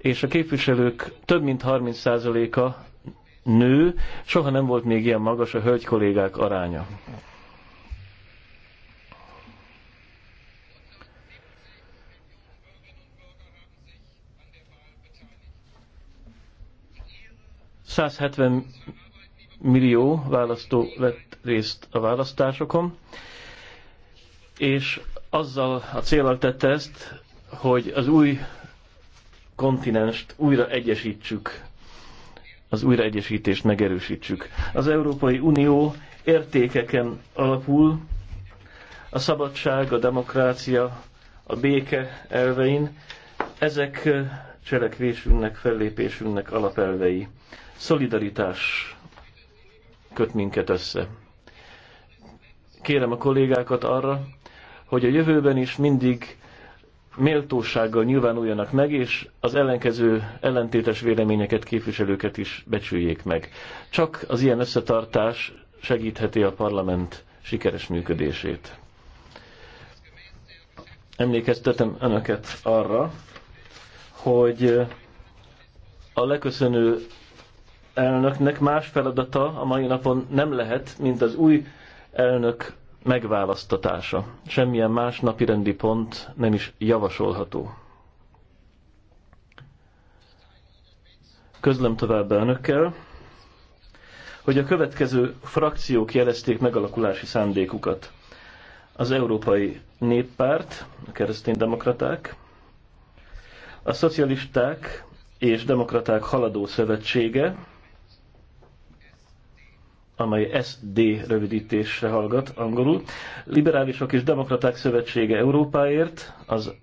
és a képviselők több mint 30%-a nő, soha nem volt még ilyen magas a hölgy kollégák aránya. ...170 millió választó vett részt a választásokon, és azzal a célral tette ezt, hogy az új kontinenst újra egyesítsük, az újraegyesítést megerősítsük. Az Európai Unió értékeken alapul, a szabadság, a demokrácia, a béke elvein, ezek cselekvésünknek, fellépésünknek alapelvei. Szolidaritás köt minket össze. Kérem a kollégákat arra, hogy a jövőben is mindig méltósággal nyilvánuljanak meg, és az ellenkező ellentétes véleményeket képviselőket is becsüljék meg. Csak az ilyen összetartás segítheti a parlament sikeres működését. Emlékeztetem önöket arra, hogy a leköszönő elnöknek más feladata a mai napon nem lehet, mint az új elnök megválasztatása. Semmilyen más napirendi pont nem is javasolható. Közlöm tovább önökkel, hogy a következő frakciók jelezték megalakulási szándékukat. Az Európai Néppárt, a kereszténydemokraták, a szocialisták és demokraták haladó szövetsége, amely SD rövidítésre hallgat angolul. Liberálisok és Demokraták Szövetsége Európáért, az